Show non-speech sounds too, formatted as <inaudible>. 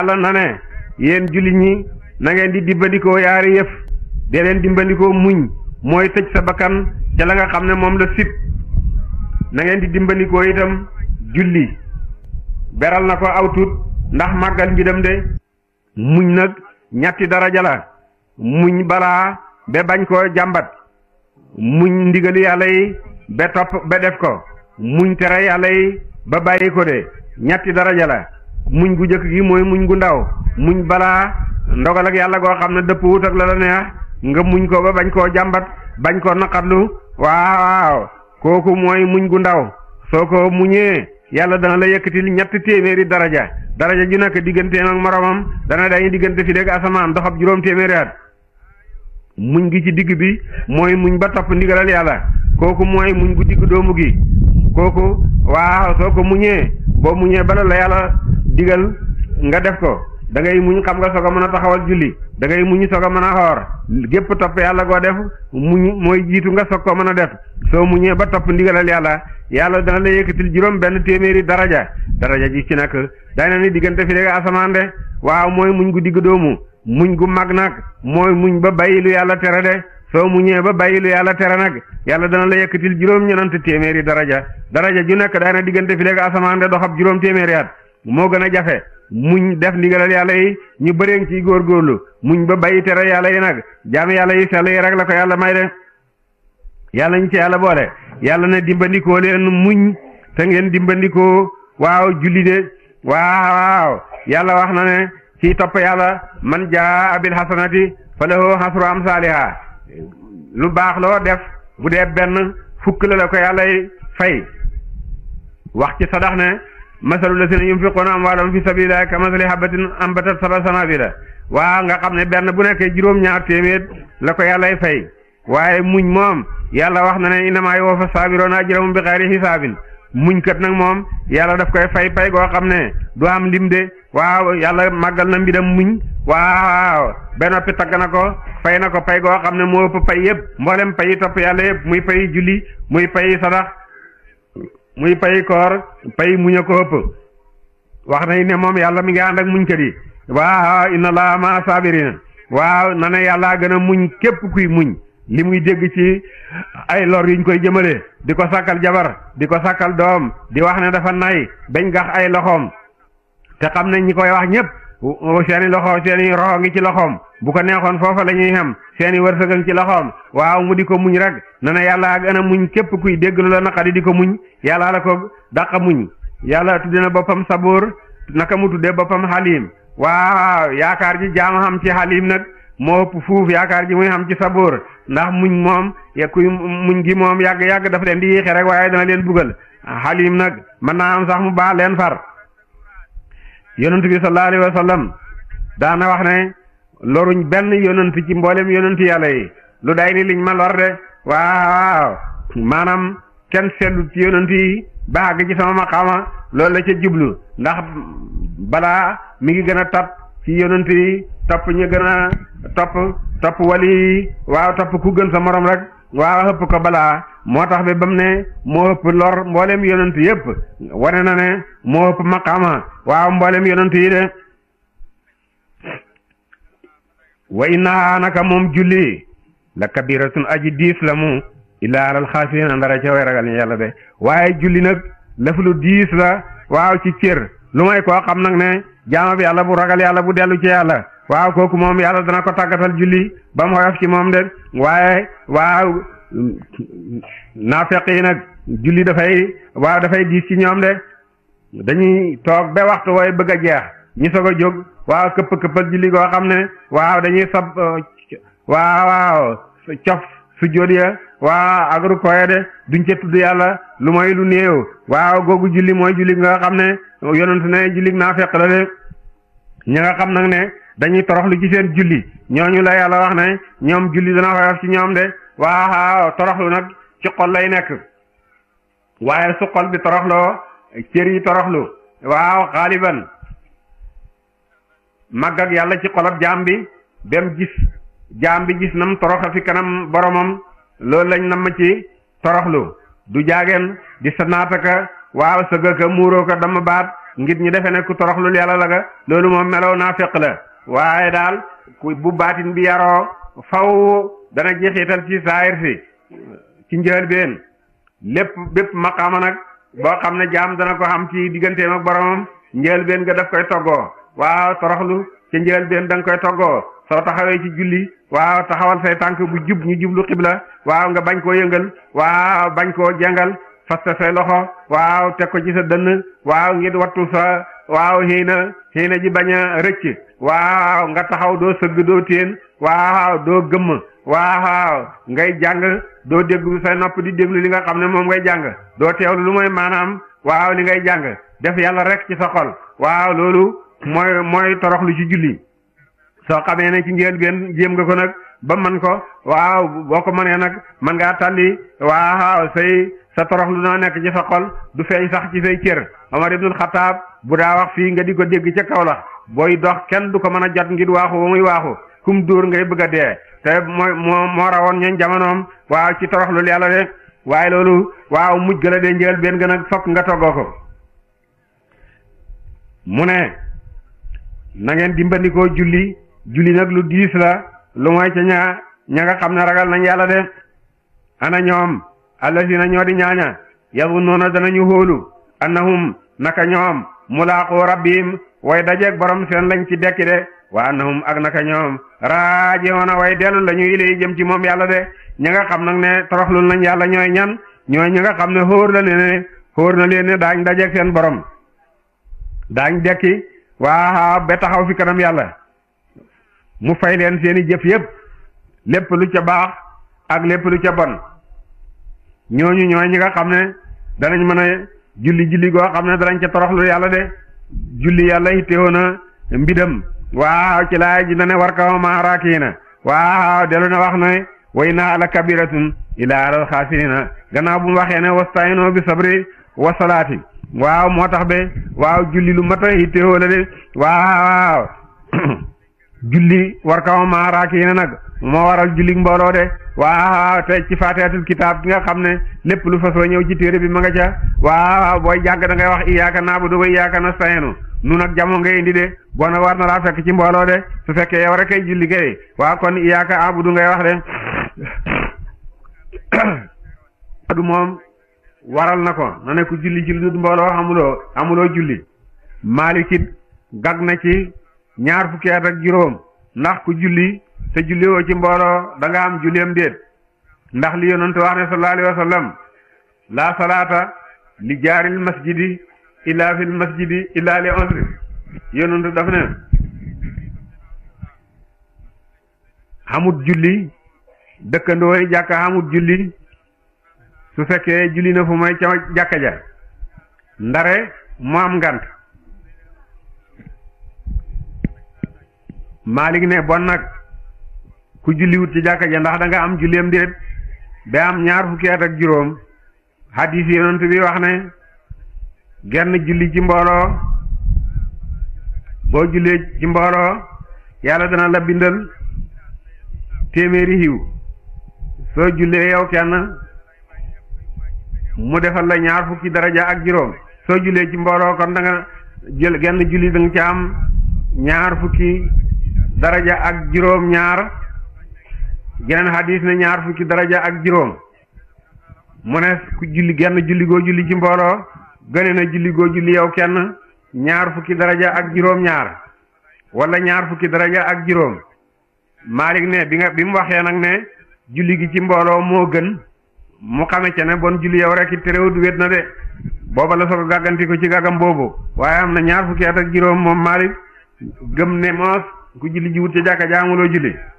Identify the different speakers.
Speaker 1: yàlla na ne yéen julit ñi na ngeen di dimbandikoo yaari yef de len dimbandikoo muñ moy tëj sa bakan ci la nga xamne mom la sip na ngeen di itam julli beral nako awtut ndax bi dem de muñ nak ñatti dara jala muñ bala be bañ ko jambat muñ ndigal yalla yi be top be def ko muñ tere yalla yi ba bayiko de ñatti dara jala muñ gu jëkk gi mooy muñ gu ndaw muñ balaa ndogal ak yàlla goo xam ne dëpp wut ak la la neex nga muñ ko ba bañ koo jàmbat bañ koo naqatlu waaw kooku mooy muñ gu ndaw soo ko muñee yàlla dana la yëkkatil ñetti téeméeri daraja daraja ju nekk digganteem ak moromam dana dañu diggante fi dégg asamaan doxab juróom téeméeri at muñ gi ci digg bi mooy muñ ba topp ndigalal yàlla kooku mooy muñ gu digg doomu gi kooku waaw soo ko muñee boo muñee bala la yàlla digal nga def ko da ngay muñ xam nga soga mëna taxawal julli da ngay muñ soga mëna xor gep top yalla go def muñ moy jitu nga sokko mëna def so muñe ba top ndigalal yalla yalla dana la yëkëtil juroom ben téméri daraja daraja ji ci nak dana ni digënté fi asamande, asaman de waaw moy muñ gu digg doomu muñ gu mag nak moy muñ ba bayilu yalla téré de so muñe ba bayilu yalla téré nak yalla dana la yëkëtil juroom ñënant téméri daraja daraja ju nak dana digënté fi asamande asaman de do xab juroom téméri at moo gën a jafe muñ def ndigalal yàlla yi ñu bëreeng ciy góorgóorlu muñ ba bàyyi tere yàlla yi nag jaam yàlla yi sell yi rek la ko yàlla may de yàlla ñu ci yàlla boole yàlla na dimbandikoo leen muñ te ngeen dimbandikoo waaw julli de waaw yàlla wax na ne ci topp yàlla man jaa abil hasanati falahu hasru am saaliha lu baax loo def bu dee benn fukk la la ko yàlla fay wax ci sadax ne masalu lazina yunfiquuna amwaalahum fi sabilillahi kamasali habatin ambatat sab'a sanaabila waaw nga xam ne benn bu nekkee juróom-ñaar téeméer la ko yàllay fay waaye muñ moom yàlla wax na ne innamaa yuwaffa saabiruuna ajrahum bi xayri hisaabin muñ kat nag moom yàlla daf koy fay pay koo xam ne du am lim de waaw yàlla màggal na mbiram muñ waaw ba noppi tagg na ko fay na ko pay goo xam ne moo ëpp pay yëpp mboolem pay yi topp yàlla yëpp muy pay julli muy pay sadax muy pay koor pay muñ a ko ëpp wax nañ ne moom yàlla mi ngi ànd ak muñkat yi waaw inna laa ma saabirina waaw na ne yàllaa gën a muñ képp kuy muñ li muy dégg ci ay lor yuñ koy jëmale di ko sàkkal jabar di ko sàkkal doom di wax ne dafa nay bañ gax ay loxoom te xam ne ñi koy wax ñëpp seeni loxo seeni roxo ngi ci loxoom bu ko neexoon foofa la ñuy xam seeni wërsëg a ngi ci loxoom waaw mu di ko muñ rek na na yàlla ak ana muñ képp kuy dégg lu la naqari di ko muñ yàlla la ko dàqa muñ yàlla tudde na boppam sabuur naka mu tuddee boppam xaliim waaw yaakaar ji jaama xam ci xaliim nag moo ëpp fuuf yaakaar ji muy xam ci sabuur ndax muñ moom kuy muñ gi moom yàgg-yàgg dafa leen di yéexe rek waaye dana leen bugal xaliim nag mën naa am sax yonent bi sallallahu alayhi wa sallam daana wax ne loruñ benn yonent ci mboolem yonent yàlla yi lu day ni liñ ma lor de waaw maanaam kenn seetlu ci yonent yi baax ci sama maqaama loolu la ca jublu ndax balaa mi ngi gën a topp ci yonent yi topp ñu gën a topp topp wali yi topp ku gën sa morom rek waaw xëpp ko balaa motax be bam ne mo upp lor mbollem yonent yep wanena ne mo upp maqama wa mbollem yonent yi de wa innaha naka moom julli la kabiratun aji diis la mu illa alal xaasina ndara ca way ragal yàlla de waye julli nak lëf lu diis la waaw ci cër lumay ko xam nak ne jaama bi yàlla bu ragal yàlla bu delu ci yàlla waaw kooku mom yàlla dana ko tagatal julli bam mu ci mom de waye waaw naafeq yi nag julli dafay waaw dafay diis ci ñoom de dañuy toog ba waxtu wooy bëgg a jeex ñu soog a jóg waaw këpp këppal julli goo xam ne waaw dañuy sab euh, waaw waaw cof su jóot ya waaw ak rukkoo ya de duñ ca tudd yàlla lu mooy lu néew waaw googu julli mooy julli nga xam ne yonent ne julli naafeq la de ñi nga xam nag ne dañuy toroxlu ci seen julli ñooñu la yàlla wax ne ñoom julli dana xoyof ci ñoom de waaw toroxlu nag ci xol lay nekk waaye su xol bi toroxloo cër yi toroxlu waaw xaaliban màgg ak yàlla ci xolab jaam bi bem gis jaam bi gis na toroxa fi kanam boromam loolu lañ nam ci toroxlu du jaageen di sanaataka waaw sëga ka muuroo ka dama baat ngir ñu defe ne ku lu yàlla la ga loolu moom meloo naa féq la waaye daal bu baatin bi yaroo faw dana jeexital ci saayir si ci njëlbeen lépp bépp maqaama nag boo xam ne jaam dana ko xam ci digganteem ak boromam njëlbeen nga daf koy toggoo waaw toroxlu ci njëlbeen da nga koy toggoo soo taxawee ci julli waaw taxawal say tànk bu jub ñu jublu xibla waaw nga bañ koo yëngal waaw bañ koo jàngal fasta say loxo waaw teg ko ci sa dënn waaw ngir wattu sa waaw xëy na ji bañ a rëcc waaw nga taxaw doo sëgg doo téen waaw doo gëmm waaw ngay jàng doo déglu sa nopp di déglu li nga xam ne moom ngay jàng doo teewlu lu mooy maanaam waaw li ngay jàng def yàlla rek ci sa xol waaw loolu mooy mooy toroxlu ci julli soo xamee ne ci njël gën jéem nga ko nag ba man ko waaw boo ko mënee nag man ngaa tàlli waaw say sa toroxlu noo nekk ci sa xol du feeñ sax ci say cër Omar ibnul Xataab bu daa wax fii nga di ko dégg ca kaw booy dox kenn du ko mën a jot ngir waaxu ba muy waaxu kum dóor ngay bëgg a dee te moo moo rawoon ñooñ jamonoom waaw ci torox yàlla de waaye loolu waaw mujj gën a de njël benn gën a fokk nga toggoo ko mu ne na ngeen dimbandikoo julli julli nag lu diis la lu mooy ca ña nga xam ne ragal nañ yàlla de ana ñoom allazina ñoo di ñaaña yazunnuna danañu hóolu annahum naka ñoom mulaaqu rabbihim way dajeeg borom seen lañ ci dekki de wa annahum ak naka ñoom raaji'uuna way dellu la ñu ilay jëm ci moom yàlla de ñi nga xam ne toroxlu nañ yàlla ñooy ñan ñooy ñi nga xam ne xóor la ne na leen ne daañ dajeeg seen borom daañ dekki waa ba taxaw fi kanam yàlla mu fay leen seeni jëf yépp lépp lu ca baax ak lépp ca bon ñooñu ñooy ñi nga xam ne danañ mën a julli julli goo xam ne danañ ca toroxlu yàlla de julli yàlla itteewoon na mbidam waaw ci laay ji dane war kaw maaraakiina waaw dellu na wax ne way naa la kabiratun ilaa alal na gannaaw bu mu waxee ne wastaayinoo bi sabri wa salaati waaw moo tax be waaw julli lu mat a yittewoo la de waaw <clears throat> julli war kaw maaraak na nag moo waral julli mbooloo de waa tey ci faatihatul kitaab gi nga xam ne lépp lu fasoo ñëw ci téere bi ma nga ca waa booy jàng da ngay wax iyyaka na'budu wa iyyaka nasta'inu nun ak jamono ngay indi de bona war na laa fekk ci mbooloo de su fekkee yow rek julli kay waa kon iyyaka du ngay wax de <coughs> adu moom waral na ko na ne ku julli ci lu mbooloo amuloo amuloo julli maalikit gag ci ñaar fukki at ak juróom ndax ku julli te julliwoo ci mbooloo da nga am déet ndax li yonent wax ne sallallahu alayhi wa sallam laa salaata li jaaril masjidi illa fil masjidi illa li uzri yonent daf ne xamut julli dëkkandooy jàkka xamut julli su fekkee julli na fu may ca jàkka ja ndare mu am ngant Malik ne bon nag ku julliwut ci jàkka ja ndax da nga am julleem déet ba am ñaar fukki at ak juróom hadis yonent bi wax ne genn julli ci mbooloo boo jullee ci mbooloo yàlla dana la bindal téeméeri yiw soo jullee yow kenn mu defal la ñaar fukki daraja ak juróom soo jullee ci mbooloo kon da genn julli da nga ci am ñaar fukki daraja ak juróom ñaar geneen xadis ne ñaar fukki daraja ak juróom mu ne ku julli genn julli goo julli ci mbooloo gëne yow kenn ñaar fukki daraja ak juróom ñaar wala ñaar fukki daraja ak juróom Malik ne bi nga bi mu waxee nag ne julli gi ci mbooloo moo gën mu xame ca ne bon julli yow rek it terewut wét na de booba la soog a gàgganti ci gàggam boobu waaye am na ñaar fukki at ak juróom moom Malik gëm ne moos ku julli ji wut ca jàkka ja amuloo julli